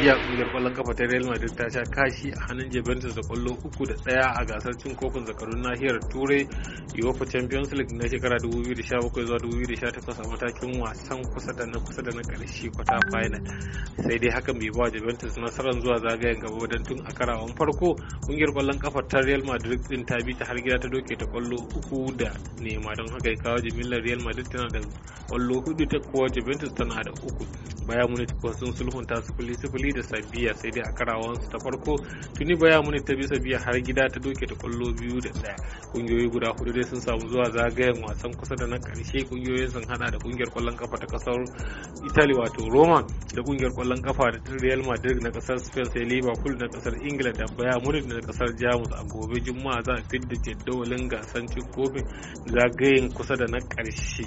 jiya kungiyar kwallon kafa ta real madrid ta sha kashi a hannun juventus da kwallo uku da daya a gasar cin kofin zakarun nahiyar turai uefa champions league na shekara 2017 zuwa 2018 a matakin wasan kusa da na kusa da na karshe kwata final sai dai hakan bai ba juventus nasarar zuwa zagayen gaba don tun a karawan farko kungiyar kwallon kafa ta real madrid din ta bi ta har gida ta doke ta kwallo uku da nema don haka kawo jimillar real madrid tana da kwallo hudu ta kowa juventus tana da uku bayan munich kuwa sun sulhunta sifili sifili da sabiya sai dai a karawansu ta farko tuni baya muni ta bi sabiya har gida ta doke ta kwallo biyu da daya kungiyoyi guda hudu dai sun samu zuwa zagayen wasan kusa da na karshe kungiyoyin sun hada da kungiyar kwallon kafa ta kasar italy wato roma da kungiyar kwallon kafa da Real Madrid na kasar Spain sai Liverpool na kasar england da bayan Munich na kasar Jamus a gobe Juma'a za a fidda jadawalin gasar cin kofin zagayen kusa da na karshe.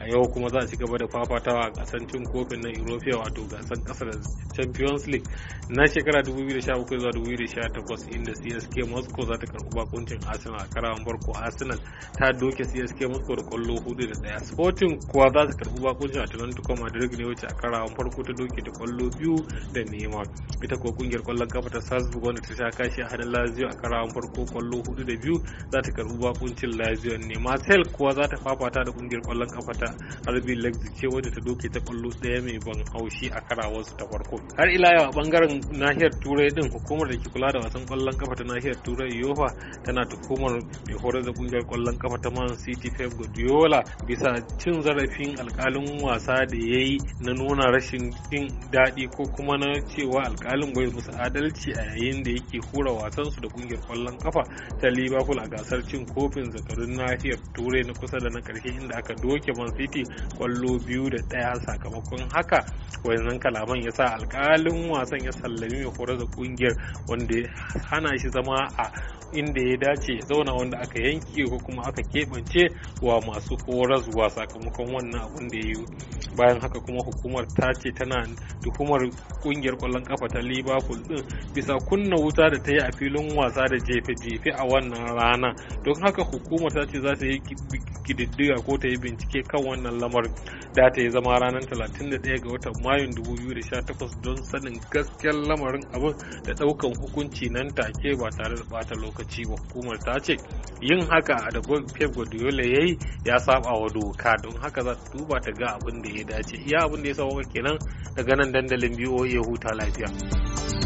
A yau kuma za a ci gaba da fafatawa a gasar cin kofin na europe wato gasan kasar Champions League na shekara 2017 zuwa 2018 inda CSK Moscow za ta karɓi bakuncin Arsenal a karawan farko Arsenal ta doke CSK Moscow da kwallo hudu da daya Sporting kuwa za ta karɓi bakuncin Atletico Madrid ne wacce a karawan farko ta doke doke da kwallo biyu da nema ita ko kungiyar kwallon kafa ta salzburg wanda ta sha kashi a hannun lazio a karawan farko kwallo hudu da biyu za ta karbi bakuncin lazio ne marcel kuwa za ta fafata da kungiyar kwallon kafa ta rb leipzig ce wadda ta doke ta kwallo daya mai ban haushi a su ta farko har ila yau a bangaren nahiyar turai din hukumar da ke kula da wasan kwallon kafa ta nahiyar turai yofa tana hukumar mai horar da kungiyar kwallon kafa ta man city pep guardiola bisa cin zarafin alkalin wasa da ya yi na nuna rashin jin daɗi ko kuma na cewa alkalin gwai musu adalci a yayin da yake hura wasansu da kungiyar kwallon kafa ta liverpool a gasar cin kofin zakarun nahiyar turai na kusa da na karshe inda aka doke man city kwallo biyu da ɗaya sakamakon haka wannan kalaman ya sa alkalin wasan ya sallami mai horar da kungiyar wanda hana shi zama a inda ya dace ya zauna wanda aka yanke ko kuma aka keɓance wa masu horaswa sakamakon wannan abun da ya yi bayan haka kuma hukumar ta ce tana tuhumar kungiyar kwallon kafa ta liverpool din bisa kunna wuta da ta yi a filin wasa da jefe-jefe a wannan rana don haka hukumar ta ce za ta yi kididdiga ko ta yi bincike kan wannan lamarin da ta yi zama ranar 31 ga watan mayun 2018 don sanin gaskiyar lamarin abin da daukan hukunci nan take ba tare da bata lokaci ba hukumar ta ce yin haka da pep guardiola ya ya saba wa doka don haka za ta duba ta ga abin da ya dace iya abin da ya sauka kenan daga nan dandalin biyu BOA huta lafiya.